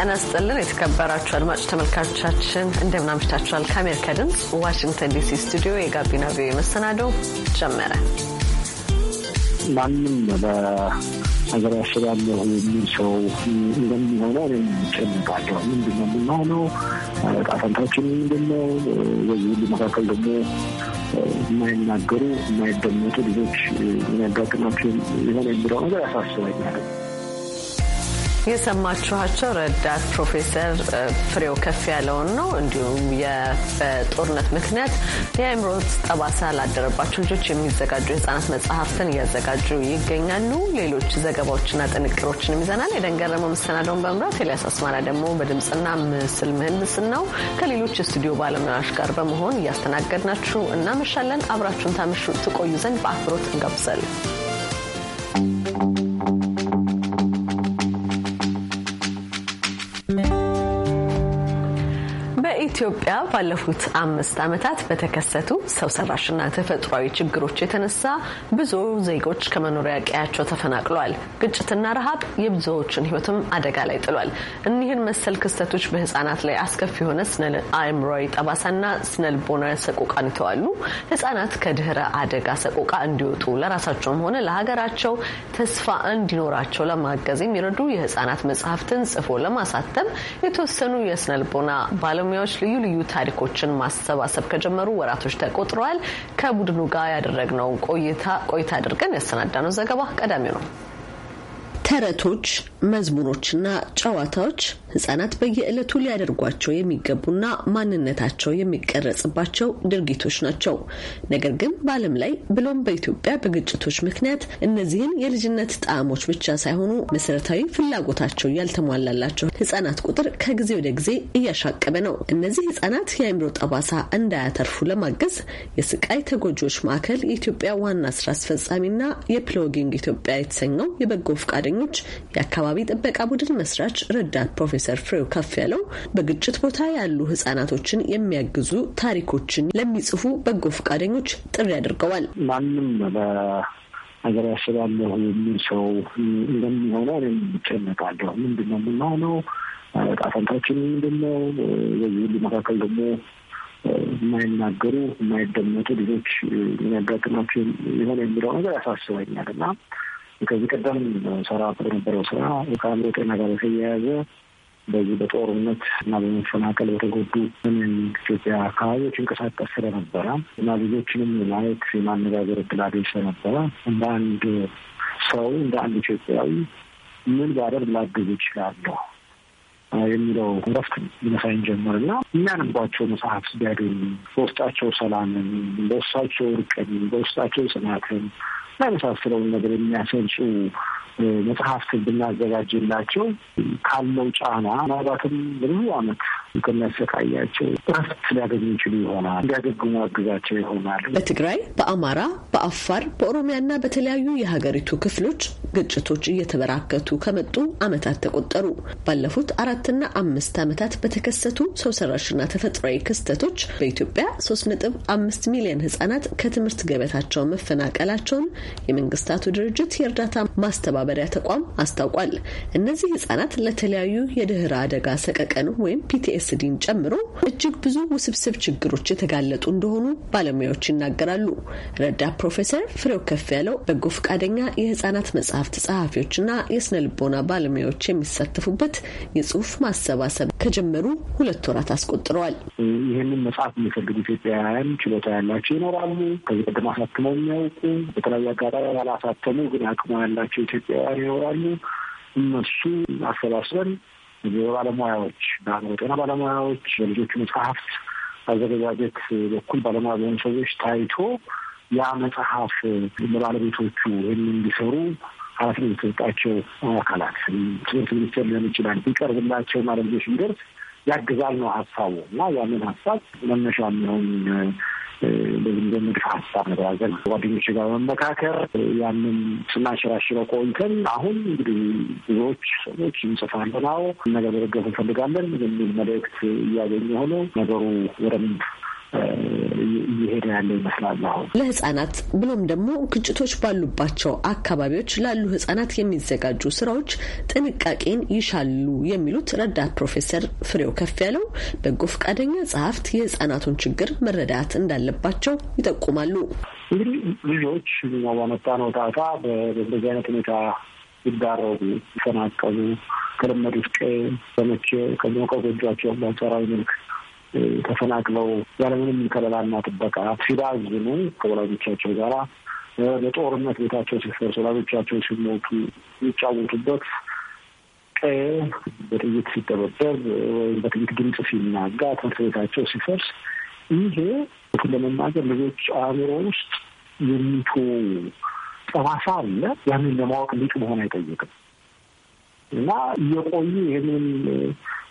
ጤና ይስጥልን የተከበራችሁ አድማጭ ተመልካቾቻችን እንደምን አምሽታችኋል። ከአሜሪካ ድምፅ ዋሽንግተን ዲሲ ስቱዲዮ የጋቢና ቪኦኤ መሰናዶው ጀመረ። ማንም በሀገር ያስባለሁ የሚል ሰው እንደሚሆነ እኔም ጨምቃለሁ። ምንድን ነው የምንሆነው? ዕጣ ፈንታችን ምንድን ነው? በዚህ ሁሉ መካከል ደግሞ የማይናገሩ የማይደመጡ ልጆች የሚያጋጥማቸው የሆነ የሚለው ነገር ያሳስበኛል። የሰማችኋቸው ረዳት ፕሮፌሰር ፍሬው ከፍ ያለውን ነው። እንዲሁም በጦርነት ምክንያት የአእምሮ ጠባሳ ላደረባቸው ልጆች የሚዘጋጁ የህጻናት መጽሐፍትን እያዘጋጁ ይገኛሉ። ሌሎች ዘገባዎችና ጥንቅሮችንም ይዘናል። የደንገረመው መሰናደውን በመምራት ኤልያስ አስማራ ደግሞ በድምፅና ምስል ምህንድስና ነው ከሌሎች የስቱዲዮ ባለሙያዎች ጋር በመሆን እያስተናገድናችሁ እናመሻለን። አብራችሁን ታምሹ ትቆዩ ዘንድ በአክብሮት እንጋብዛለን። በኢትዮጵያ ባለፉት አምስት ዓመታት በተከሰቱ ሰው ሰራሽና ተፈጥሯዊ ችግሮች የተነሳ ብዙ ዜጎች ከመኖሪያ ቀያቸው ተፈናቅለዋል። ግጭትና ረሃብ የብዙዎችን ሕይወትም አደጋ ላይ ጥሏል። እኒህን መሰል ክስተቶች በህጻናት ላይ አስከፊ የሆነ አእምሯዊ ጠባሳና ስነልቦናዊ ሰቆቃን ይተዋሉ። ህጻናት ከድህረ አደጋ ሰቆቃ እንዲወጡ ለራሳቸውም ሆነ ለሀገራቸው ተስፋ እንዲኖራቸው ለማገዝ የሚረዱ የህጻናት መጽሐፍትን ጽፎ ለማሳተም የተወሰኑ የስነልቦና ባለሙያዎች ልዩ ልዩ ታሪኮችን ማሰባሰብ ከጀመሩ ወራቶች ተቆጥረዋል። ከቡድኑ ጋር ያደረግነውን ቆይታ ቆይታ አድርገን ያሰናዳነው ዘገባ ቀዳሚው ነው። ተረቶች፣ መዝሙሮችና ጨዋታዎች ህጻናት በየዕለቱ ሊያደርጓቸው የሚገቡና ማንነታቸው የሚቀረጽባቸው ድርጊቶች ናቸው። ነገር ግን በዓለም ላይ ብሎም በኢትዮጵያ በግጭቶች ምክንያት እነዚህን የልጅነት ጣዕሞች ብቻ ሳይሆኑ መሰረታዊ ፍላጎታቸው ያልተሟላላቸው ህጻናት ቁጥር ከጊዜ ወደ ጊዜ እያሻቀበ ነው። እነዚህ ህጻናት የአእምሮ ጠባሳ እንዳያተርፉ ለማገዝ የስቃይ ተጎጂዎች ማዕከል የኢትዮጵያ ዋና ስራ አስፈጻሚና የፕሎጊንግ ኢትዮጵያ የተሰኘው የበጎ ፈቃደኛ ሰራተኞች የአካባቢ ጥበቃ ቡድን መስራች ረዳት ፕሮፌሰር ፍሬው ከፍ ያለው በግጭት ቦታ ያሉ ህጻናቶችን የሚያግዙ ታሪኮችን ለሚጽፉ በጎ ፈቃደኞች ጥሪ አድርገዋል። ማንም በሀገር ያስባለሁ የሚል ሰው እንደሚሆነ እኔም እጨነቃለሁ። ምንድን ነው የምንሆነው? ዕጣ ፈንታችን ምንድን ነው? በዚህ ሁሉ መካከል ደግሞ የማይናገሩ የማይደመጡ ልጆች የሚያጋጥማቸው የሆነ የሚለው ነገር ያሳስበኛል እና ከዚህ ቀደም ሰራ በነበረው ስራ ከአእምሮ ጤና ጋር የተያያዘ በዚህ በጦርነት እና በመፈናቀል በተጎዱ ኢትዮጵያ አካባቢዎች እንቀሳቀስ ስለነበረ እና ልጆችንም የማየት የማነጋገር እድል አገኝ ስለነበረ እንደ አንድ ሰው እንደ አንድ ኢትዮጵያዊ ምን ባደርግ ላግዝ ይችላለሁ የሚለው ረፍት ሊመሳይን ጀምር ጀመርና የሚያነቧቸው መጽሐፍ ቢያገኙ በውስጣቸው ሰላምን፣ በውስጣቸው እርቅን፣ በውስጣቸው ጽናትን እና የመሳሰለውን ነገር የሚያሰርጹ መጽሐፍትን ብናዘጋጅላቸው ካለው ጫና ምናልባትም ብዙ አመት ከሚያሰቃያቸው እረፍት ሊያገኙ ይችሉ ይሆናል፣ እንዲያገግሙ አግዛቸው ይሆናል። በትግራይ፣ በአማራ፣ በአፋር፣ በኦሮሚያና በተለያዩ የሀገሪቱ ክፍሎች ግጭቶች እየተበራከቱ ከመጡ ዓመታት ተቆጠሩ። ባለፉት አራትና አምስት ዓመታት በተከሰቱ ሰው ሰራሽና ተፈጥሯዊ ክስተቶች በኢትዮጵያ ሶስት ነጥብ አምስት ሚሊዮን ህጻናት ከትምህርት ገበታቸው መፈናቀላቸውን የመንግስታቱ ድርጅት የእርዳታ ማስተባበ ማስተባበሪያ ተቋም አስታውቋል። እነዚህ ህጻናት ለተለያዩ የድህረ አደጋ ሰቀቀን ወይም ፒቲኤስዲን ጨምሮ እጅግ ብዙ ውስብስብ ችግሮች የተጋለጡ እንደሆኑ ባለሙያዎች ይናገራሉ። ረዳት ፕሮፌሰር ፍሬው ከፍ ያለው በጎ ፈቃደኛ የህጻናት መጽሐፍት ጸሐፊዎችና የስነ ልቦና ባለሙያዎች የሚሳተፉበት የጽሁፍ ማሰባሰብ ከጀመሩ ሁለት ወራት አስቆጥረዋል። ይህንን መጽሐፍ የሚፈልጉ ኢትዮጵያውያን ችሎታ ያላቸው ይኖራሉ። ከዚህ ቀደም አሳትመው የሚያውቁ በተለያዩ አጋጣሚ ያላሳተሙ ግን አቅሙ ያላቸው ኢትዮጵያ ይኖራሉ። እነሱ አሰባስበን የባለሙያዎች በአእምሮ ጤና ባለሙያዎች፣ በልጆቹ መጽሐፍት አዘገጃጀት በኩል ባለሙያ በሆኑ ሰዎች ታይቶ ያ መጽሐፍ ለባለቤቶቹ ይህን እንዲሰሩ ኃላፊነት የተሰጣቸው አካላት ትምህርት ሚኒስቴር ሊሆን ይችላል ቢቀርብላቸው ማለት ልጆች ቢደርስ ያግዛል ነው ሀሳቡ እና ያንን ሀሳብ መነሻ የሚሆን በዚህ በምክር ሀሳብ መደራዘን ጓደኞች ጋር በመመካከር ያንን ስናንሸራሽረው ቆይተን አሁን እንግዲህ ብዙዎች ሰዎች እንጽፋለን፣ አዎ ነገር መደገፍ እንፈልጋለን የሚል መልእክት እያገኘ ሆኖ ነገሩ ወደ እየሄደ ያለ ይመስላል። አሁን ለህጻናት ብሎም ደግሞ ግጭቶች ባሉባቸው አካባቢዎች ላሉ ህጻናት የሚዘጋጁ ስራዎች ጥንቃቄን ይሻሉ የሚሉት ረዳት ፕሮፌሰር ፍሬው ከፍ ያለው በጎ ፈቃደኛ ጸሐፍት የህጻናቱን ችግር መረዳት እንዳለባቸው ይጠቁማሉ። እንግዲህ ልጆች በመጣ ነው ጣጣ በእንደዚህ አይነት ሁኔታ ይዳረጉ፣ ይፈናቀሉ፣ ከለመዱት ቀዬ በመቼ ከሞ ከጎጇቸው ባንጻራዊ መልክ ተፈናቅለው ያለምንም ከለላና ጥበቃ ሲራዝኑ ከወላጆቻቸው ጋራ በጦርነት ቤታቸው ሲፈርስ ወላጆቻቸው ሲሞቱ የሚጫወቱበት ቀየ በጥይት ሲደበደብ ወይም በጥይት ድምፅ ሲናጋ ትምህርት ቤታቸው ሲፈርስ ይሄ ለመናገር ልጆች አእምሮ ውስጥ የሚቶ ጠባሳ አለ። ያንን ለማወቅ ሊቅ መሆን አይጠይቅም። እና እየቆዩ ይህንን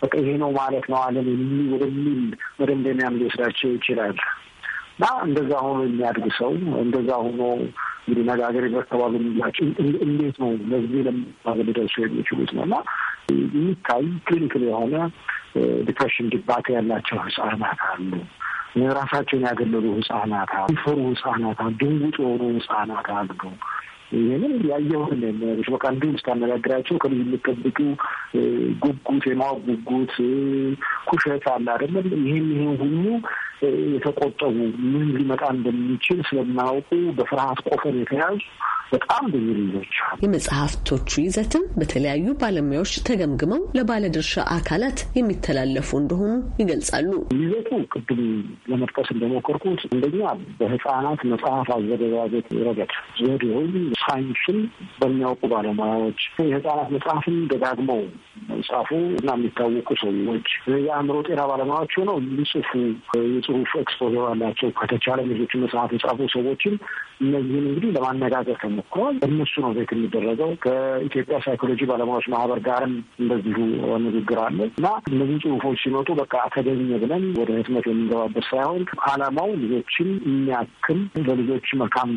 በቃ ይሄ ነው ማለት ነው አለም ወደሚል መደምደሚያ ሊወስዳቸው ይችላል። እና እንደዛ ሆኖ የሚያድግ ሰው እንደዛ ሆኖ እንግዲህ ነጋገር በአካባቢ የሚላቸው እንዴት ነው ለዚህ ለማገ ሊደርሱ የሚችሉት ነው እና የሚታይ ክሊኒክል የሆነ ዲፕሬሽን ድባቴ ያላቸው ህጻናት አሉ። ራሳቸውን ያገለሉ ህጻናት አሉ። ፈሩ ህጻናት አሉ። ድንጉጥ የሆኑ ህጻናት አሉ። ይህንም ያየውን ሽበቃ እንዲሁም ስታነጋግራቸው ከልጅ የሚጠብቁ ጉጉት፣ የማወቅ ጉጉት፣ ኩሸት አለ አይደለም። ይህን ይህን ሁሉ የተቆጠቡ ምን ሊመጣ እንደሚችል ስለማያውቁ በፍርሃት ቆፈን የተያዙ በጣም ብዙ ልጆች። አሉ። የመጽሐፍቶቹ ይዘትም በተለያዩ ባለሙያዎች ተገምግመው ለባለድርሻ አካላት የሚተላለፉ እንደሆኑ ይገልጻሉ። ይዘቱ ቅድም ለመጥቀስ እንደሞከርኩት አንደኛ በህፃናት መጽሐፍ አዘገጃጀት ረገድ ዘዴውን፣ ሳይንስን በሚያውቁ ባለሙያዎች የህፃናት መጽሐፍን ደጋግመው ጻፉ እና የሚታወቁ ሰዎች የአእምሮ ጤና ባለሙያዎች ሆነው ሊጽፉ የጽሁፍ ኤክስፖዘር አላቸው ከተቻለ ልጆቹ መጽሐፍ የጻፉ ሰዎችን እነዚህን እንግዲህ ለማነጋገር ከሚ ሞክረዋል። እነሱ ነው ቤት የሚደረገው። ከኢትዮጵያ ሳይኮሎጂ ባለሙያዎች ማህበር ጋርም እንደዚሁ ንግግር አለ እና እነዚህ ጽሁፎች ሲመጡ በቃ ተገኘ ብለን ወደ ህትመት የምንገባበት ሳይሆን አላማው ልጆችን የሚያክም ለልጆች መልካም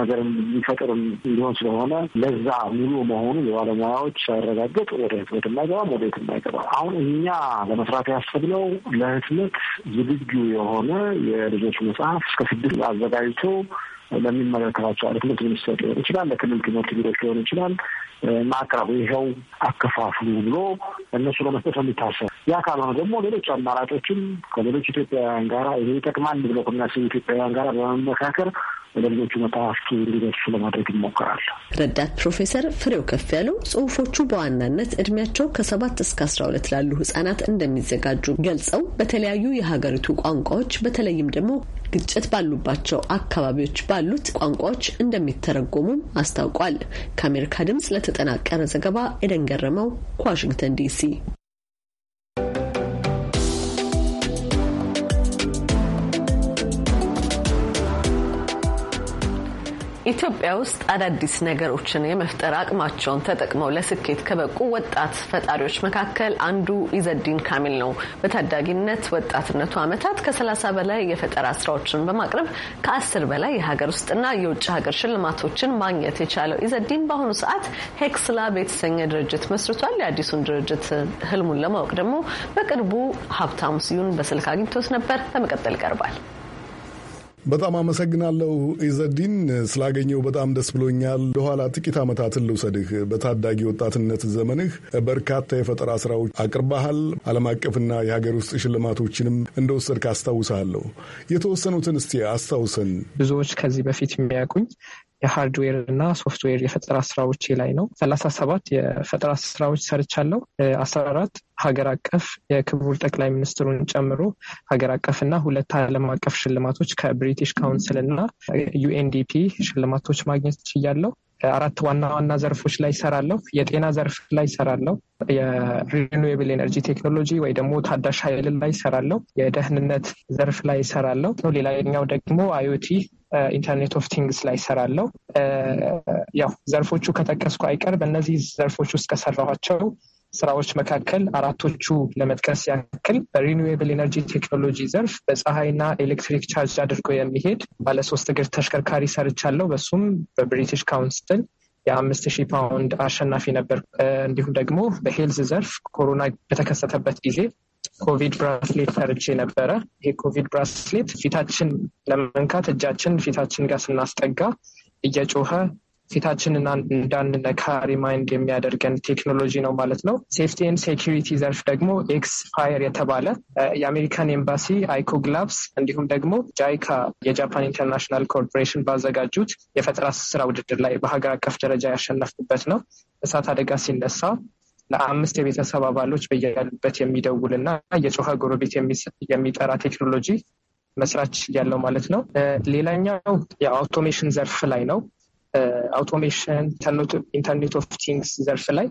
ነገር የሚፈጥር እንዲሆን ስለሆነ ለዛ ሙሉ መሆኑ የባለሙያዎች ሳይረጋገጥ ወደ ህትመት የማይገባም ወደ የትም አይገባም። አሁን እኛ ለመስራት ያሰብነው ለህትመት ዝግጁ የሆነ የልጆች መጽሐፍ እስከ ስድስት አዘጋጅቶ ለሚመለከታቸው አለ ትምህርት ሚኒስቴር ሊሆን ይችላል፣ ለክልል ትምህርት ቢሮች ሊሆን ይችላል ማቅረቡ ይኸው አከፋፍሉ ብሎ እነሱ ለመስጠት የሚታሰብ ያ ካልሆነ ደግሞ ሌሎች አማራጮችም ከሌሎች ኢትዮጵያውያን ጋራ ይሄ ይጠቅማል ብሎ ከሚያስቡ ኢትዮጵያውያን ጋራ በመመካከር ለልጆቹ ልጆቹ መጽሐፍቱ እንዲደርሱ ለማድረግ ይሞከራል። ረዳት ፕሮፌሰር ፍሬው ከፍ ያለው ጽሁፎቹ በዋናነት እድሜያቸው ከሰባት እስከ አስራ ሁለት ላሉ ህጻናት እንደሚዘጋጁ ገልጸው በተለያዩ የሀገሪቱ ቋንቋዎች በተለይም ደግሞ ግጭት ባሉባቸው አካባቢዎች ባሉት ቋንቋዎች እንደሚተረጎሙም አስታውቋል። ከአሜሪካ ድምጽ ለተጠናቀረ ዘገባ ኤደን ገረመው ከዋሽንግተን ዲሲ ኢትዮጵያ ውስጥ አዳዲስ ነገሮችን የመፍጠር አቅማቸውን ተጠቅመው ለስኬት ከበቁ ወጣት ፈጣሪዎች መካከል አንዱ ኢዘዲን ካሚል ነው። በታዳጊነት ወጣትነቱ ዓመታት ከ30 በላይ የፈጠራ ስራዎችን በማቅረብ ከ10 በላይ የሀገር ውስጥና የውጭ ሀገር ሽልማቶችን ማግኘት የቻለው ኢዘዲን በአሁኑ ሰዓት ሄክስ የተሰኘ ድርጅት መስርቷል። የአዲሱን ድርጅት ህልሙን ለማወቅ ደግሞ በቅርቡ ሀብታሙ ስዩን በስልክ አግኝቶት ነበር። ለመቀጠል ይቀርባል። በጣም አመሰግናለሁ ኢዘዲን፣ ስላገኘው በጣም ደስ ብሎኛል። ለኋላ ጥቂት ዓመታትን ልውሰድህ። በታዳጊ ወጣትነት ዘመንህ በርካታ የፈጠራ ስራዎች አቅርባሃል። ዓለም አቀፍና የሀገር ውስጥ ሽልማቶችንም እንደወሰድክ አስታውሳለሁ። የተወሰኑትን እስቲ አስታውሰን። ብዙዎች ከዚህ በፊት የሚያውቁኝ የሃርድዌር እና ሶፍትዌር የፈጠራ ስራዎች ላይ ነው። ሰላሳ ሰባት የፈጠራ ስራዎች ሰርቻለሁ። አስራ አራት ሀገር አቀፍ የክቡር ጠቅላይ ሚኒስትሩን ጨምሮ ሀገር አቀፍ እና ሁለት ዓለም አቀፍ ሽልማቶች ከብሪቲሽ ካውንስል እና ዩኤንዲፒ ሽልማቶች ማግኘት ችያለሁ። አራት ዋና ዋና ዘርፎች ላይ ይሰራለሁ። የጤና ዘርፍ ላይ ይሰራለሁ። የሪኒዌብል ኤነርጂ ቴክኖሎጂ ወይ ደግሞ ታዳሽ ኃይልን ላይ ይሰራለሁ። የደህንነት ዘርፍ ላይ ይሰራለሁ። ሌላኛው ደግሞ አዮቲ ኢንተርኔት ኦፍ ቲንግስ ላይ ይሰራለው። ያው ዘርፎቹ ከጠቀስኩ አይቀር በእነዚህ ዘርፎች ውስጥ ከሰራኋቸው ስራዎች መካከል አራቶቹ ለመጥቀስ ያክል በሪኒዌብል ኤነርጂ ቴክኖሎጂ ዘርፍ በፀሐይና ኤሌክትሪክ ቻርጅ አድርጎ የሚሄድ ባለሶስት እግር ተሽከርካሪ ሰርቻለው። በሱም በብሪቲሽ ካውንስል የአምስት ሺህ ፓውንድ አሸናፊ ነበር። እንዲሁም ደግሞ በሄልዝ ዘርፍ ኮሮና በተከሰተበት ጊዜ ኮቪድ ብራስሌት ሰርቼ ነበረ። ይሄ ኮቪድ ብራስሌት ፊታችን ለመንካት እጃችን ፊታችን ጋር ስናስጠጋ እየጮኸ ፊታችንን እንዳንነካ ሪማይንድ የሚያደርገን ቴክኖሎጂ ነው ማለት ነው። ሴፍቲ ኤንድ ሴኪሪቲ ዘርፍ ደግሞ ኤክስ ፋየር የተባለ የአሜሪካን ኤምባሲ አይኮግላብስ፣ እንዲሁም ደግሞ ጃይካ የጃፓን ኢንተርናሽናል ኮርፖሬሽን ባዘጋጁት የፈጠራ ስራ ውድድር ላይ በሀገር አቀፍ ደረጃ ያሸነፍኩበት ነው። እሳት አደጋ ሲነሳ ለአምስት የቤተሰብ አባሎች በያሉበት የሚደውልና የጮኸ ጎረቤት የሚጠራ ቴክኖሎጂ መስራች ያለው ማለት ነው። ሌላኛው የአውቶሜሽን ዘርፍ ላይ ነው። አውቶሜሽን ኢንተርኔት ኦፍ ቲንግስ ዘርፍ ላይ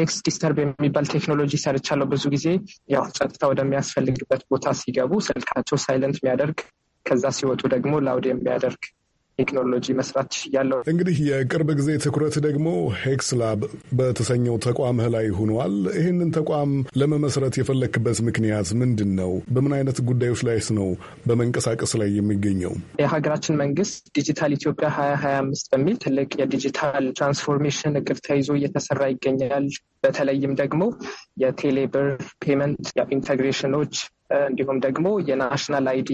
ኤክስ ዲስተርብ የሚባል ቴክኖሎጂ ሰርቻለሁ። ብዙ ጊዜ ያው ጸጥታ ወደሚያስፈልግበት ቦታ ሲገቡ ስልካቸው ሳይለንት የሚያደርግ ከዛ ሲወጡ ደግሞ ላውድ የሚያደርግ ቴክኖሎጂ መስራት ችያለሁ። እንግዲህ የቅርብ ጊዜ ትኩረት ደግሞ ሄክስ ላብ በተሰኘው ተቋምህ ላይ ሆኗል። ይህንን ተቋም ለመመስረት የፈለክበት ምክንያት ምንድን ነው? በምን አይነት ጉዳዮች ላይስ ነው በመንቀሳቀስ ላይ የሚገኘው? የሀገራችን መንግስት ዲጂታል ኢትዮጵያ ሀያ ሀያ አምስት በሚል ትልቅ የዲጂታል ትራንስፎርሜሽን እቅድ ተይዞ እየተሰራ ይገኛል። በተለይም ደግሞ የቴሌብር ፔመንት ኢንተግሬሽኖች እንዲሁም ደግሞ የናሽናል አይዲ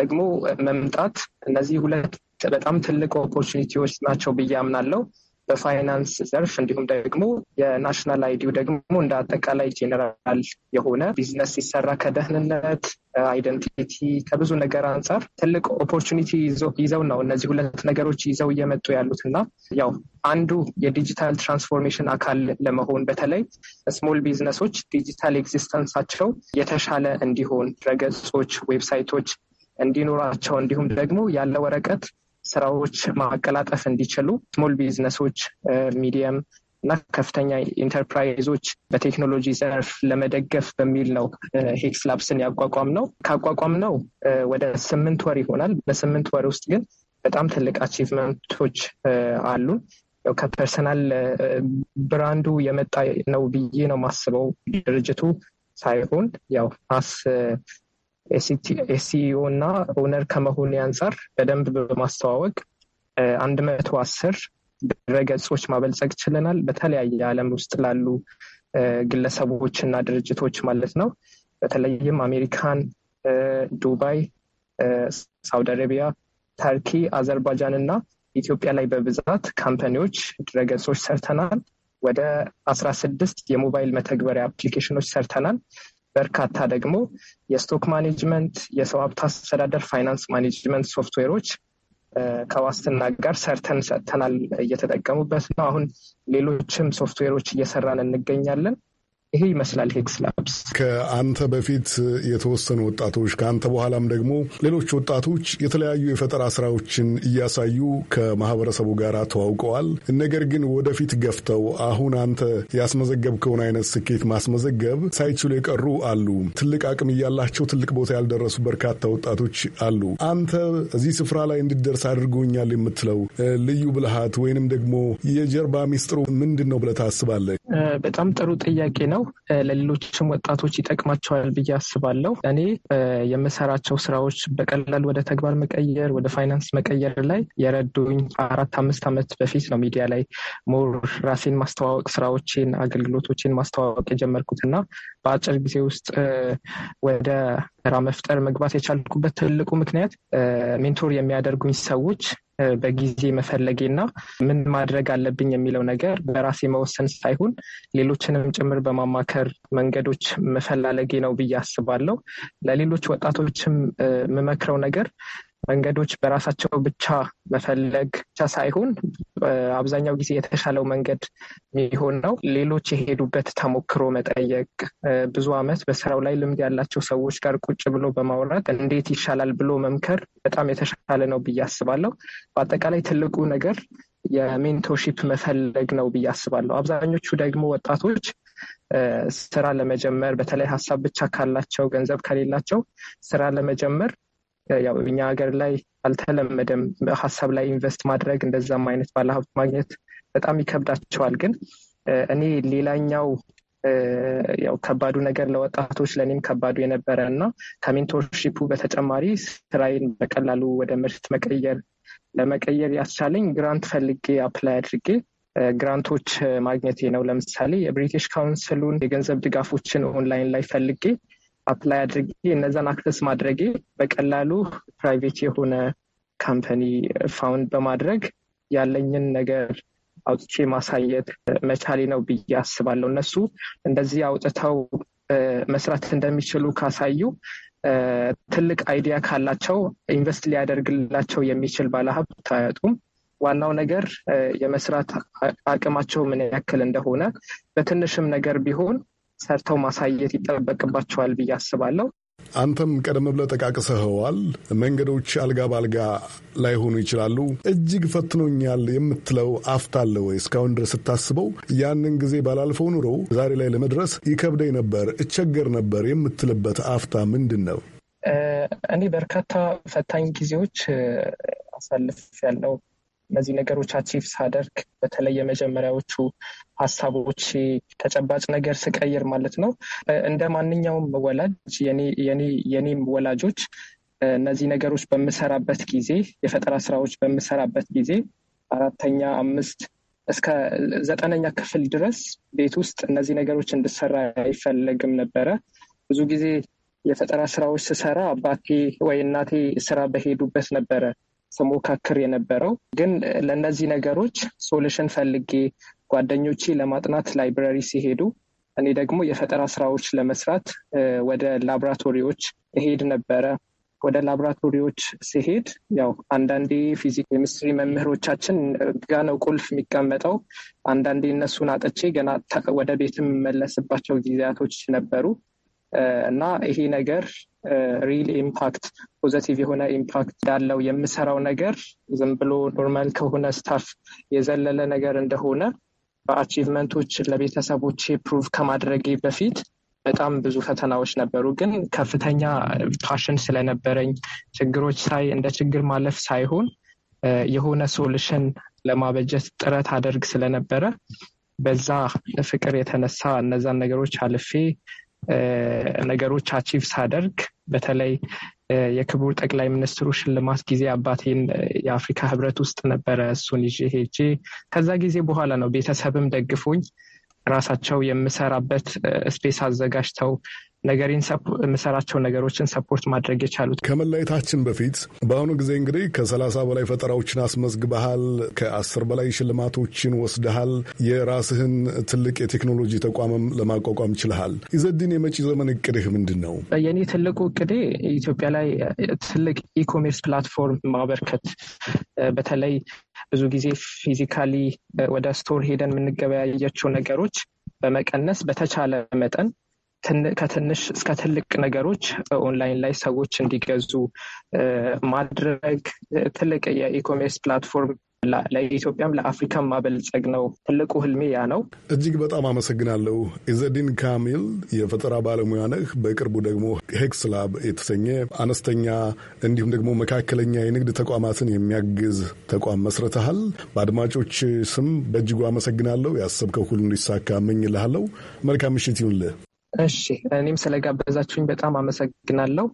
ደግሞ መምጣት እነዚህ ሁለት በጣም ትልቅ ኦፖርቹኒቲዎች ናቸው ብዬ አምናለሁ በፋይናንስ ዘርፍ እንዲሁም ደግሞ የናሽናል አይዲው ደግሞ እንደ አጠቃላይ ጄኔራል የሆነ ቢዝነስ ሲሰራ ከደህንነት አይደንቲቲ፣ ከብዙ ነገር አንጻር ትልቅ ኦፖርቹኒቲ ይዘው ነው እነዚህ ሁለት ነገሮች ይዘው እየመጡ ያሉት እና ያው አንዱ የዲጂታል ትራንስፎርሜሽን አካል ለመሆን በተለይ ስሞል ቢዝነሶች ዲጂታል ኤግዚስተንሳቸው የተሻለ እንዲሆን ድረገጾች፣ ዌብሳይቶች እንዲኖራቸው እንዲሁም ደግሞ ያለ ወረቀት ስራዎች ማቀላጠፍ እንዲችሉ ስሞል ቢዝነሶች፣ ሚዲየም እና ከፍተኛ ኢንተርፕራይዞች በቴክኖሎጂ ዘርፍ ለመደገፍ በሚል ነው ሄክስ ላብስን ያቋቋም ነው። ካቋቋም ነው ወደ ስምንት ወር ይሆናል። በስምንት ወር ውስጥ ግን በጣም ትልቅ አቺቭመንቶች አሉ። ከፐርሰናል ብራንዱ የመጣ ነው ብዬ ነው ማስበው ድርጅቱ ሳይሆን ያው ማስ ኤስሲኦ እና ኦነር ከመሆን አንጻር በደንብ በማስተዋወቅ አንድ መቶ አስር ድረገጾች ማበልጸግ ችለናል። በተለያየ ዓለም ውስጥ ላሉ ግለሰቦች እና ድርጅቶች ማለት ነው። በተለይም አሜሪካን፣ ዱባይ፣ ሳውዲ አረቢያ፣ ተርኪ፣ አዘርባጃን እና ኢትዮጵያ ላይ በብዛት ካምፓኒዎች ድረገጾች ሰርተናል። ወደ አስራ ስድስት የሞባይል መተግበሪያ አፕሊኬሽኖች ሰርተናል። በርካታ ደግሞ የስቶክ ማኔጅመንት፣ የሰው ሀብት አስተዳደር፣ ፋይናንስ ማኔጅመንት ሶፍትዌሮች ከዋስትና ጋር ሰርተን ሰጥተናል፣ እየተጠቀሙበት ነው። አሁን ሌሎችም ሶፍትዌሮች እየሰራን እንገኛለን። ይሄ ይመስላል ሄክስ ላብስ። ከአንተ በፊት የተወሰኑ ወጣቶች ከአንተ በኋላም ደግሞ ሌሎች ወጣቶች የተለያዩ የፈጠራ ስራዎችን እያሳዩ ከማህበረሰቡ ጋር ተዋውቀዋል። ነገር ግን ወደፊት ገፍተው አሁን አንተ ያስመዘገብከውን አይነት ስኬት ማስመዘገብ ሳይችሉ የቀሩ አሉ። ትልቅ አቅም እያላቸው ትልቅ ቦታ ያልደረሱ በርካታ ወጣቶች አሉ። አንተ እዚህ ስፍራ ላይ እንድደርስ አድርጎኛል የምትለው ልዩ ብልሃት ወይንም ደግሞ የጀርባ ሚስጥሩ ምንድን ነው ብለህ ታስባለህ? በጣም ጥሩ ጥያቄ ነው። ነው። ለሌሎችም ወጣቶች ይጠቅማቸዋል ብዬ አስባለሁ። እኔ የምሰራቸው ስራዎች በቀላል ወደ ተግባር መቀየር፣ ወደ ፋይናንስ መቀየር ላይ የረዱኝ አራት አምስት ዓመት በፊት ነው ሚዲያ ላይ ሞር ራሴን ማስተዋወቅ ስራዎቼን፣ አገልግሎቶቼን ማስተዋወቅ የጀመርኩት እና በአጭር ጊዜ ውስጥ ወደ ስራ መፍጠር መግባት የቻልኩበት ትልቁ ምክንያት ሜንቶር የሚያደርጉኝ ሰዎች በጊዜ መፈለጌና ምን ማድረግ አለብኝ የሚለው ነገር በራሴ መወሰን ሳይሆን ሌሎችንም ጭምር በማማከር መንገዶች መፈላለጌ ነው ብዬ አስባለሁ። ለሌሎች ወጣቶችም የምመክረው ነገር መንገዶች በራሳቸው ብቻ መፈለግ ብቻ ሳይሆን አብዛኛው ጊዜ የተሻለው መንገድ የሚሆን ነው። ሌሎች የሄዱበት ተሞክሮ መጠየቅ፣ ብዙ ዓመት በስራው ላይ ልምድ ያላቸው ሰዎች ጋር ቁጭ ብሎ በማውራት እንዴት ይሻላል ብሎ መምከር በጣም የተሻለ ነው ብዬ አስባለሁ። በአጠቃላይ ትልቁ ነገር የሜንቶርሺፕ መፈለግ ነው ብዬ አስባለሁ። አብዛኞቹ ደግሞ ወጣቶች ስራ ለመጀመር በተለይ ሀሳብ ብቻ ካላቸው ገንዘብ ከሌላቸው ስራ ለመጀመር ያው እኛ ሀገር ላይ አልተለመደም። ሀሳብ ላይ ኢንቨስት ማድረግ እንደዛም አይነት ባለሀብት ማግኘት በጣም ይከብዳቸዋል። ግን እኔ ሌላኛው ያው ከባዱ ነገር ለወጣቶች ለእኔም ከባዱ የነበረ እና ከሜንቶርሺፑ በተጨማሪ ስራዬን በቀላሉ ወደ ምርት መቀየር ለመቀየር ያስቻለኝ ግራንት ፈልጌ አፕላይ አድርጌ ግራንቶች ማግኘቴ ነው። ለምሳሌ የብሪቲሽ ካውንስሉን የገንዘብ ድጋፎችን ኦንላይን ላይ ፈልጌ አፕላይ አድርጌ እነዛን አክሰስ ማድረጌ በቀላሉ ፕራይቬት የሆነ ካምፓኒ ፋውንድ በማድረግ ያለኝን ነገር አውጥቼ ማሳየት መቻሌ ነው ብዬ አስባለሁ። እነሱ እንደዚህ አውጥተው መስራት እንደሚችሉ ካሳዩ ትልቅ አይዲያ ካላቸው ኢንቨስት ሊያደርግላቸው የሚችል ባለሀብት አያጡም። ዋናው ነገር የመስራት አቅማቸው ምን ያክል እንደሆነ በትንሽም ነገር ቢሆን ሰርተው ማሳየት ይጠበቅባቸዋል ብዬ አስባለሁ። አንተም ቀደም ብለህ ጠቃቅሰኸዋል። መንገዶች አልጋ በአልጋ ላይሆኑ ይችላሉ። እጅግ ፈትኖኛል የምትለው አፍታለ ወይ? እስካሁን ድረስ ስታስበው ያንን ጊዜ ባላልፈው ኑሮ ዛሬ ላይ ለመድረስ ይከብደኝ ነበር፣ እቸገር ነበር የምትልበት አፍታ ምንድን ነው? እኔ በርካታ ፈታኝ ጊዜዎች አሳልፍ ያለው እነዚህ ነገሮች አቺቭ ሳደርግ በተለይ የመጀመሪያዎቹ ሀሳቦች ተጨባጭ ነገር ስቀይር ማለት ነው እንደ ማንኛውም ወላጅ የኔም ወላጆች እነዚህ ነገሮች በምሰራበት ጊዜ የፈጠራ ስራዎች በምሰራበት ጊዜ አራተኛ፣ አምስት እስከ ዘጠነኛ ክፍል ድረስ ቤት ውስጥ እነዚህ ነገሮች እንድሰራ አይፈለግም ነበረ። ብዙ ጊዜ የፈጠራ ስራዎች ስሰራ አባቴ ወይ እናቴ ስራ በሄዱበት ነበረ ስሞካክር የነበረው ግን ለእነዚህ ነገሮች ሶሉሽን ፈልጌ ጓደኞቼ ለማጥናት ላይብረሪ ሲሄዱ እኔ ደግሞ የፈጠራ ስራዎች ለመስራት ወደ ላብራቶሪዎች እሄድ ነበረ። ወደ ላብራቶሪዎች ሲሄድ ያው አንዳንዴ ፊዚክ፣ ኬሚስትሪ መምህሮቻችን ጋ ነው ቁልፍ የሚቀመጠው። አንዳንዴ እነሱን አጥቼ ገና ወደ ቤት የምመለስባቸው ጊዜያቶች ነበሩ። እና ይሄ ነገር ሪል ኢምፓክት ፖዘቲቭ የሆነ ኢምፓክት ያለው የምሰራው ነገር ዝም ብሎ ኖርማል ከሆነ ስታፍ የዘለለ ነገር እንደሆነ በአቺቭመንቶች ለቤተሰቦቼ ፕሩቭ ከማድረጌ በፊት በጣም ብዙ ፈተናዎች ነበሩ። ግን ከፍተኛ ፓሽን ስለነበረኝ ችግሮች ሳይ እንደ ችግር ማለፍ ሳይሆን የሆነ ሶሉሽን ለማበጀት ጥረት አደርግ ስለነበረ በዛ ፍቅር የተነሳ እነዛን ነገሮች አልፌ ነገሮች አቺቭ ሳደርግ በተለይ የክቡር ጠቅላይ ሚኒስትሩ ሽልማት ጊዜ አባቴን የአፍሪካ ህብረት ውስጥ ነበረ። እሱን ይዤ ሄጄ ከዛ ጊዜ በኋላ ነው ቤተሰብም ደግፎኝ ራሳቸው የምሰራበት ስፔስ አዘጋጅተው ነገሬን የምሰራቸው ነገሮችን ሰፖርት ማድረግ የቻሉት። ከመለየታችን በፊት በአሁኑ ጊዜ እንግዲህ ከሰላሳ በላይ ፈጠራዎችን አስመዝግበሃል። ከአስር በላይ ሽልማቶችን ወስደሃል። የራስህን ትልቅ የቴክኖሎጂ ተቋምም ለማቋቋም ችልሃል። ይዘድን የመጪ ዘመን እቅድህ ምንድን ነው? የኔ ትልቁ እቅዴ ኢትዮጵያ ላይ ትልቅ ኢኮሜርስ ፕላትፎርም ማበርከት በተለይ ብዙ ጊዜ ፊዚካሊ ወደ ስቶር ሄደን የምንገበያያቸው ነገሮች በመቀነስ በተቻለ መጠን ከትንሽ እስከ ትልቅ ነገሮች ኦንላይን ላይ ሰዎች እንዲገዙ ማድረግ ትልቅ የኢኮሜርስ ፕላትፎርም ለኢትዮጵያም ለአፍሪካም ማበልጸግ ነው። ትልቁ ህልሜ ያ ነው። እጅግ በጣም አመሰግናለሁ። ኢዘዲን ካሚል የፈጠራ ባለሙያ ነህ። በቅርቡ ደግሞ ሄክስ ላብ የተሰኘ አነስተኛ እንዲሁም ደግሞ መካከለኛ የንግድ ተቋማትን የሚያግዝ ተቋም መስርተሃል። በአድማጮች ስም በእጅጉ አመሰግናለሁ። ያሰብከው ሁሉ እንዲሳካ እመኝልሃለሁ። መልካም ምሽት ይሁንልህ። እሺ እኔም ስለጋበዛችሁኝ በጣም አመሰግናለሁ።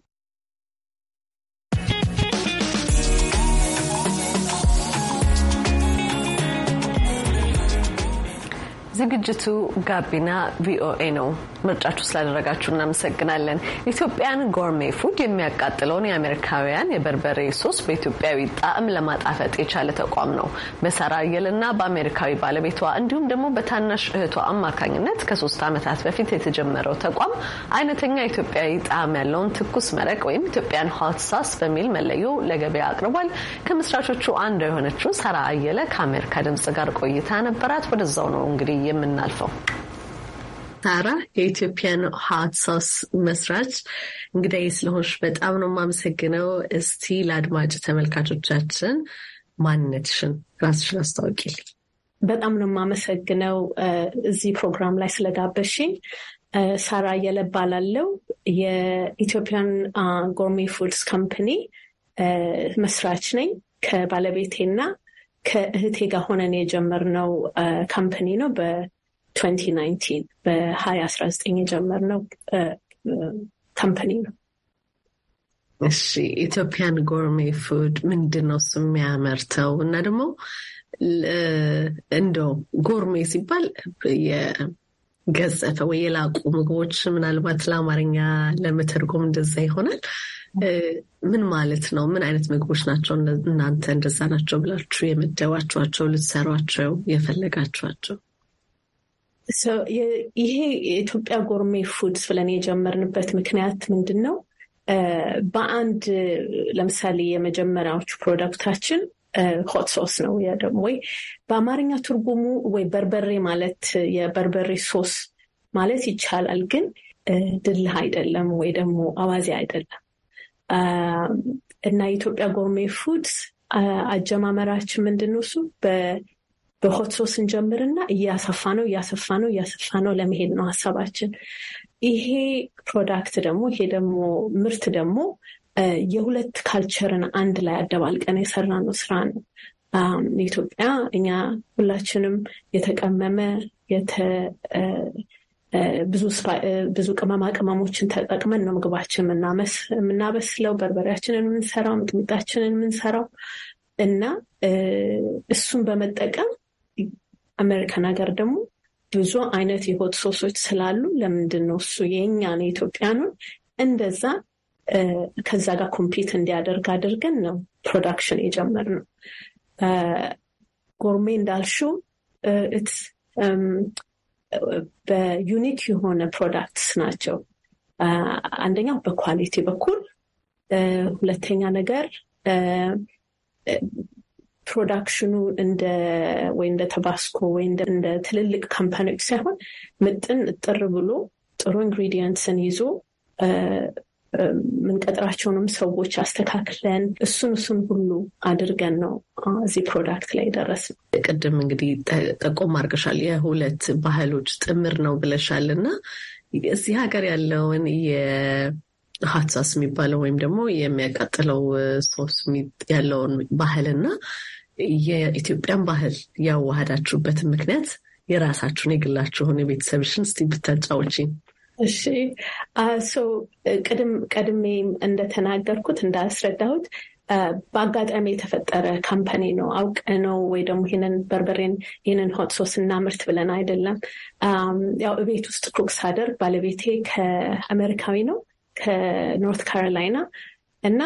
ዝግጅቱ ጋቢና ቪኦኤ ነው። ምርጫችሁ ስላደረጋችሁ እናመሰግናለን። ኢትዮጵያን ጎርሜ ፉድ የሚያቃጥለውን የአሜሪካውያን የበርበሬ ሶስ በኢትዮጵያዊ ጣዕም ለማጣፈጥ የቻለ ተቋም ነው። በሰራ አየልና በአሜሪካዊ ባለቤቷ እንዲሁም ደግሞ በታናሽ እህቷ አማካኝነት ከሶስት ዓመታት በፊት የተጀመረው ተቋም አይነተኛ ኢትዮጵያዊ ጣዕም ያለውን ትኩስ መረቅ ወይም ኢትዮጵያን ሆት ሳስ በሚል መለዮ ለገበያ አቅርቧል። ከምስራቾቹ አንዷ የሆነችው ሰራ አየለ ከአሜሪካ ድምጽ ጋር ቆይታ ነበራት። ወደዛው ነው እንግዲህ የምናልፈው። ሳራ የኢትዮጵያን ሀት ሶስ መስራች፣ እንግዳዬ ስለሆንሽ በጣም ነው የማመሰግነው። እስቲ ለአድማጭ ተመልካቾቻችን ማንነትሽን ራስሽን አስታውቂልኝ። በጣም ነው የማመሰግነው እዚህ ፕሮግራም ላይ ስለጋበሽኝ። ሳራ እየለባላለው የኢትዮጵያን ጎርሜ ፉድስ ካምፕኒ መስራች ነኝ ከባለቤቴና ከእህቴ ጋር ሆነን የጀመርነው ካምፕኒ ነው። በ2019 በ2019 የጀመርነው ካምፕኒ ነው። እሺ ኢትዮጵያን ጎርሜ ፉድ ምንድን ነው እሱ የሚያመርተው? እና ደግሞ እንደው ጎርሜ ሲባል ገጸፈ ወይ የላቁ ምግቦች ምናልባት ለአማርኛ ለመተርጎም እንደዛ ይሆናል። ምን ማለት ነው? ምን አይነት ምግቦች ናቸው እናንተ እንደዛ ናቸው ብላችሁ የመደባችኋቸው ልትሰሯቸው የፈለጋችኋቸው? ይሄ የኢትዮጵያ ጎርሜ ፉድስ ብለን የጀመርንበት ምክንያት ምንድን ነው? በአንድ ለምሳሌ የመጀመሪያዎቹ ፕሮዳክታችን ሆት ሶስ ነው ያ ደግሞ ወይ በአማርኛ ትርጉሙ ወይ በርበሬ ማለት የበርበሬ ሶስ ማለት ይቻላል። ግን ድልህ አይደለም ወይ ደግሞ አዋዜ አይደለም እና የኢትዮጵያ ጎርሜ ፉድስ አጀማመራችን ምንድን ነው እሱ በሆት ሶስ እንጀምርና እያሰፋ ነው እያሰፋ ነው እያሰፋ ነው ለመሄድ ነው ሀሳባችን። ይሄ ፕሮዳክት ደግሞ ይሄ ደግሞ ምርት ደግሞ የሁለት ካልቸርን አንድ ላይ አደባልቀን የሰራነው ስራ ነው። ኢትዮጵያ እኛ ሁላችንም የተቀመመ ብዙ ቅመማ ቅመሞችን ተጠቅመን ነው ምግባችን የምናበስለው፣ በርበሬያችንን የምንሰራው፣ ምጥሚጣችንን የምንሰራው እና እሱን በመጠቀም አሜሪካን ሀገር ደግሞ ብዙ አይነት የሆት ሶሶች ስላሉ ለምንድን ነው እሱ የእኛን የኢትዮጵያኑን እንደዛ ከዛ ጋር ኮምፒት እንዲያደርግ አድርገን ነው ፕሮዳክሽን የጀመርነው። ጎርሜ እንዳልሹ በዩኒክ የሆነ ፕሮዳክትስ ናቸው። አንደኛው በኳሊቲ በኩል ሁለተኛ ነገር ፕሮዳክሽኑ እንደ ወይ እንደ ተባስኮ ወይ እንደ ትልልቅ ካምፓኒዎች ሳይሆን ምጥን እጥር ብሎ ጥሩ ኢንግሪዲየንትስን ይዞ የምንቀጥራቸውንም ሰዎች አስተካክለን እሱን እሱን ሁሉ አድርገን ነው እዚህ ፕሮዳክት ላይ ደረስ። ቅድም እንግዲህ ጠቆም አድርገሻል፣ የሁለት ባህሎች ጥምር ነው ብለሻል እና እዚህ ሀገር ያለውን የሀትሳስ የሚባለው ወይም ደግሞ የሚያቃጥለው ሶስ ያለውን ባህል እና የኢትዮጵያን ባህል ያዋሃዳችሁበትን ምክንያት የራሳችሁን የግላችሁን የቤተሰብሽን እስኪ ብታጫውቺኝ። እሺ ቅድም ቀድሜ እንደተናገርኩት እንዳስረዳሁት በአጋጣሚ የተፈጠረ ካምፓኒ ነው። አውቅ ነው ወይ ደግሞ ይህንን በርበሬን ይህንን ሆት ሶስ እናምርት ብለን አይደለም። ያው እቤት ውስጥ ኩክ ሳደርግ ባለቤቴ ከአሜሪካዊ ነው ከኖርት ካሮላይና እና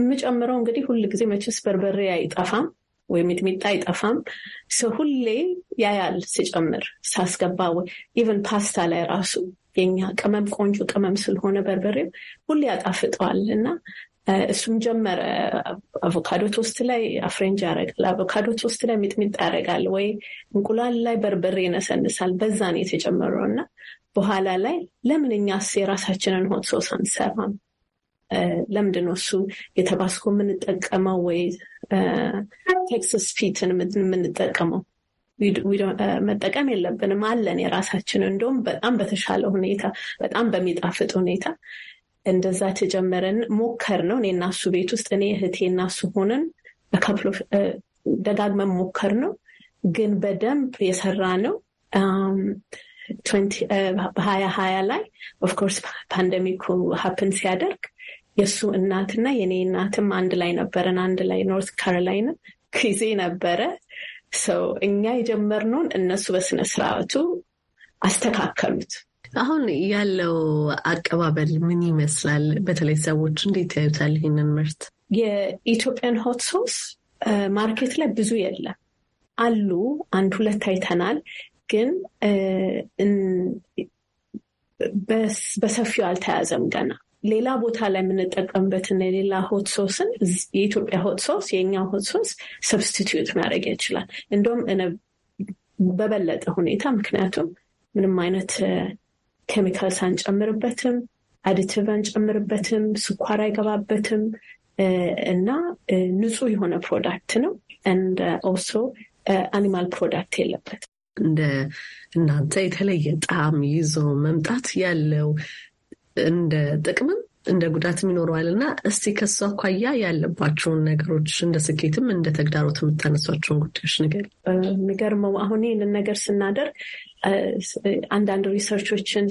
የምጨምረው እንግዲህ ሁል ጊዜ መችስ በርበሬ አይጠፋም ወይ ሚጥሚጣ አይጠፋም። ሰው ሁሌ ያያል ስጨምር ሳስገባ፣ ወይ ኢቨን ፓስታ ላይ ራሱ የኛ ቅመም ቆንጆ ቅመም ስለሆነ በርበሬው ሁሌ ያጣፍጠዋል እና እሱም ጀመረ። አቮካዶ ቶስት ላይ አፍሬንጅ ያደርጋል። አቮካዶ ቶስት ላይ ሚጥሚጣ ያደርጋል፣ ወይ እንቁላል ላይ በርበሬ ይነሰንሳል። በዛ ነው የተጀመረው እና በኋላ ላይ ለምን እኛስ የራሳችንን ሆት ሶስ አንሰራም? ለምንድን ነው እሱ የተባስኮ የምንጠቀመው ወይ ቴክሳስ ፊትን የምንጠቀመው? Uh, መጠቀም የለብንም አለን የራሳችን እንደውም በጣም በተሻለ ሁኔታ በጣም በሚጣፍጥ ሁኔታ እንደዛ ተጀመረን ሞከር ነው እኔ እናሱ ቤት ውስጥ እኔ እህቴ እናሱ እሱ ሆነን በካፕሎ uh, ደጋግመን ሞከር ነው ግን በደንብ የሰራ ነው um, uh, በሀያ ሀያ ላይ ኦፍኮርስ ፓንደሚኩ ሀፕን ሲያደርግ የእሱ እናትና የእኔ እናትም አንድ ላይ ነበረን አንድ ላይ ኖርት ካሮላይና ጊዜ ነበረ ሰው እኛ የጀመርነውን እነሱ በስነ ስርዓቱ አስተካከሉት። አሁን ያለው አቀባበል ምን ይመስላል? በተለይ ሰዎች እንዴት ያዩታል ይህንን ምርት? የኢትዮጵያን ሆት ሶስ ማርኬት ላይ ብዙ የለም አሉ። አንድ ሁለት አይተናል፣ ግን በሰፊው አልተያዘም ገና ሌላ ቦታ ላይ የምንጠቀምበትን የሌላ ሆት ሶስን የኢትዮጵያ ሆት ሶስ የእኛ ሆት ሶስ ሰብስቲትዩት ማድረግ ይችላል። እንደውም በበለጠ ሁኔታ ምክንያቱም ምንም አይነት ኬሚካልስ አንጨምርበትም፣ አዲቲቭ አንጨምርበትም፣ ስኳር አይገባበትም እና ንጹህ የሆነ ፕሮዳክት ነው። እንደ ኦልሶ አኒማል ፕሮዳክት የለበትም። እንደ እናንተ የተለየ ጣዕም ይዞ መምጣት ያለው እንደ ጥቅምም እንደ ጉዳትም ይኖረዋል እና እስቲ ከሱ አኳያ ያለባቸውን ነገሮች እንደ ስኬትም እንደ ተግዳሮት የምታነሷቸውን ጉዳዮች ንገሪ። የሚገርመው አሁን ይህንን ነገር ስናደርግ አንዳንድ ሪሰርቾችን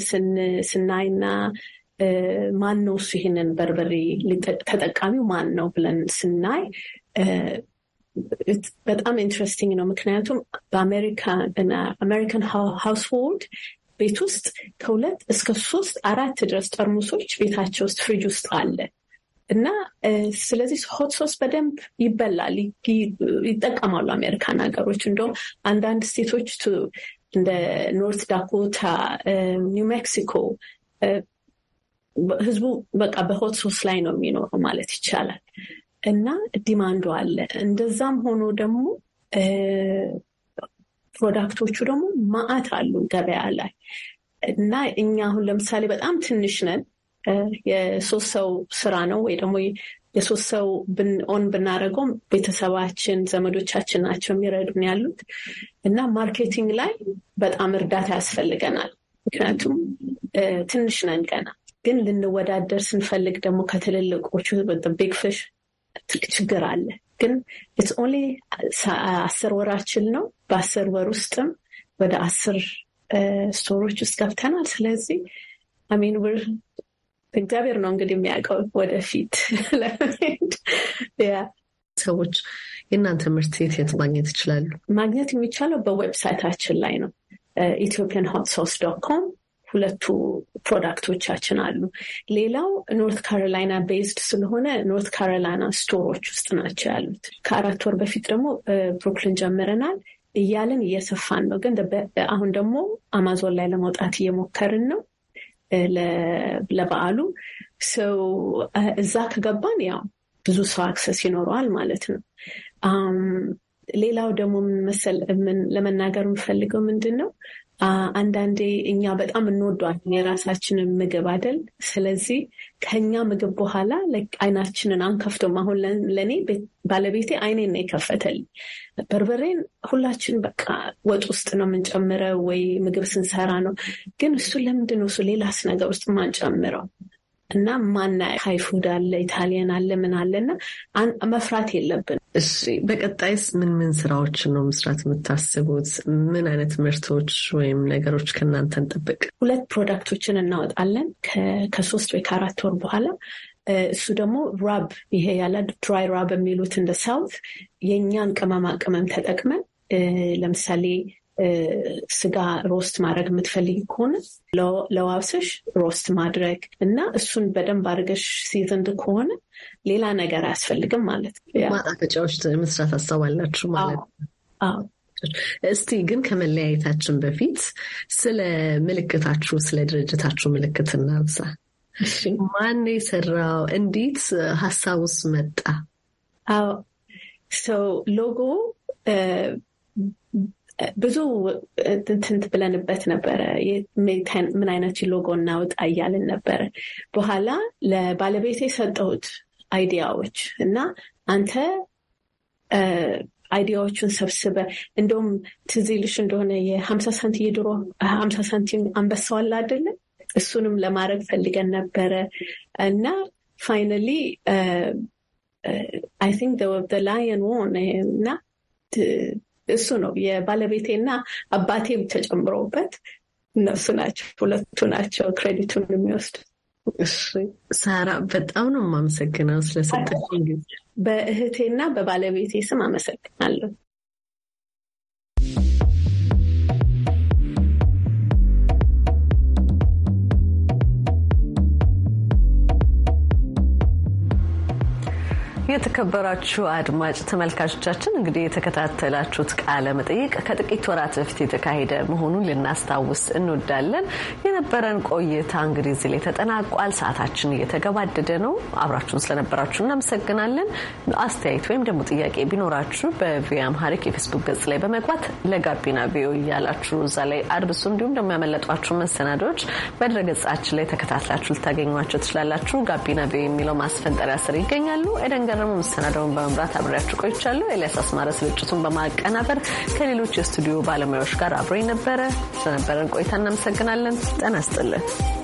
ስናይና ማን ነው እሱ ይህንን በርበሬ ተጠቃሚው ማን ነው ብለን ስናይ በጣም ኢንትረስቲንግ ነው። ምክንያቱም በአሜሪካን ሃውስሆልድ ቤት ውስጥ ከሁለት እስከ ሶስት አራት ድረስ ጠርሙሶች ቤታቸው ውስጥ ፍሪጅ ውስጥ አለ እና ስለዚህ ሆት ሶስ በደንብ ይበላል፣ ይጠቀማሉ አሜሪካን ሀገሮች። እንደውም አንዳንድ ስቴቶች እንደ ኖርት ዳኮታ፣ ኒው ሜክሲኮ ህዝቡ በቃ በሆት ሶስ ላይ ነው የሚኖረው ማለት ይቻላል እና ዲማንዱ አለ። እንደዛም ሆኖ ደግሞ ፕሮዳክቶቹ ደግሞ ማአት አሉ ገበያ ላይ እና እኛ አሁን ለምሳሌ በጣም ትንሽ ነን። የሶስት ሰው ስራ ነው ወይ ደግሞ የሶስት ሰው ኦን ብናደርገውም ቤተሰባችን፣ ዘመዶቻችን ናቸው የሚረዱን ያሉት እና ማርኬቲንግ ላይ በጣም እርዳታ ያስፈልገናል። ምክንያቱም ትንሽ ነን ገና። ግን ልንወዳደር ስንፈልግ ደግሞ ከትልልቆቹ ቢግ ፊሽ ችግር አለ። ግን ኢትስ ኦንሊ አስር ወራችን ነው። በአስር ወር ውስጥም ወደ አስር ስቶሮች ውስጥ ገብተናል። ስለዚህ አሚን ውር እግዚአብሔር ነው እንግዲህ የሚያውቀው ወደፊት ለመሄድ ሰዎች የእናንተ ምርት የት የት ማግኘት ይችላሉ? ማግኘት የሚቻለው በዌብሳይታችን ላይ ነው ኢትዮጵያን ሆት ሶስ ዶት ኮም ሁለቱ ፕሮዳክቶቻችን አሉ። ሌላው ኖርት ካሮላይና ቤዝድ ስለሆነ ኖርት ካሮላይና ስቶሮች ውስጥ ናቸው ያሉት። ከአራት ወር በፊት ደግሞ ብሩክሊን ጀምረናል እያልን እየሰፋን ነው። ግን አሁን ደግሞ አማዞን ላይ ለመውጣት እየሞከርን ነው ለበዓሉ ሰው እዛ ከገባን ያው ብዙ ሰው አክሰስ ይኖረዋል ማለት ነው። ሌላው ደግሞ ለመናገር የምፈልገው ምንድን ነው አንዳንዴ እኛ በጣም እንወዷለን የራሳችንን ምግብ አይደል? ስለዚህ ከኛ ምግብ በኋላ አይናችንን አንከፍቶም። አሁን ለእኔ ባለቤቴ አይኔን ነው የከፈተልኝ። በርበሬን ሁላችን በቃ ወጥ ውስጥ ነው የምንጨምረው ወይ ምግብ ስንሰራ ነው። ግን እሱ ለምንድን ነው እሱ ሌላስ ነገር ውስጥ ማንጨምረው? እና ማና ሃይፉድ አለ፣ ኢታሊያን አለ፣ ምን አለ እና መፍራት የለብን። እሺ፣ በቀጣይስ ምን ምን ስራዎችን ነው መስራት የምታስቡት? ምን አይነት ምርቶች ወይም ነገሮች ከእናንተ እንጠብቅ? ሁለት ፕሮዳክቶችን እናወጣለን ከሶስት ወይ ከአራት ወር በኋላ እሱ ደግሞ ራብ ይሄ ያለ ድራይ ራብ የሚሉት እንደ ሳውት የእኛን ቅመማ ቅመም ተጠቅመን ለምሳሌ ስጋ ሮስት ማድረግ የምትፈልግ ከሆነ ለዋብሰሽ ሮስት ማድረግ እና እሱን በደንብ አድርገሽ ሲዝንድ ከሆነ ሌላ ነገር አያስፈልግም ማለት ነው። ማጣፈጫዎች መስራት ሀሳብ አላችሁ ማለት ነው። እስቲ ግን ከመለያየታችን በፊት ስለ ምልክታችሁ ስለ ድርጅታችሁ ምልክት እናንሳ። ማን የሰራው? እንዴት ሀሳቡስ መጣ? ሎጎ ብዙ ትንት ብለንበት ነበረ። ምን አይነት ሎጎ እናውጣ እያልን ነበረ። በኋላ ለባለቤቴ የሰጠሁት አይዲያዎች እና አንተ አይዲያዎቹን ሰብስበ እንደውም ትዝ ይልሽ እንደሆነ የሀምሳ ሳንቲም የድሮ ሀምሳ ሳንቲም አንበሳዋላ አይደለ? እሱንም ለማድረግ ፈልገን ነበረ እና ፋይናሊ አይ ቲንክ ላየን ዎን እና እሱ ነው የባለቤቴና አባቴም ተጨምሮበት እነሱ ናቸው ሁለቱ ናቸው ክሬዲቱን የሚወስድ። ሳራ በጣም ነው የማመሰግነው ስለሰጠሽኝ ጊዜ። በእህቴና በባለቤቴ ስም አመሰግናለሁ። የተከበራችሁ አድማጭ ተመልካቾቻችን እንግዲህ የተከታተላችሁት ቃለ መጠይቅ ከጥቂት ወራት በፊት የተካሄደ መሆኑን ልናስታውስ እንወዳለን። የነበረን ቆይታ እንግዲህ እዚህ ላይ ተጠናቋል። ሰዓታችን እየተገባደደ ነው። አብራችሁን ስለነበራችሁ እናመሰግናለን። አስተያየት ወይም ደግሞ ጥያቄ ቢኖራችሁ በቪ አምሃሪክ የፌስቡክ ገጽ ላይ በመግባት ለጋቢና ቪዮ እያላችሁ እዛ ላይ አድርሱ። እንዲሁም ደግሞ ያመለጧችሁ መሰናዶዎች በድረገጻችን ላይ ተከታትላችሁ ልታገኟቸው ትችላላችሁ። ጋቢና ቪዮ የሚለው ማስፈንጠሪያ ስር ይገኛሉ። ኤደን ደግሞ መሰናደውን በመምራት አብሬያችሁ ቆይቻለሁ። ኤልያስ አስማረ ስርጭቱን በማቀናበር ከሌሎች የስቱዲዮ ባለሙያዎች ጋር አብሮ ነበረ። ስለነበረን ቆይታ እናመሰግናለን። ጤና ይስጥልን።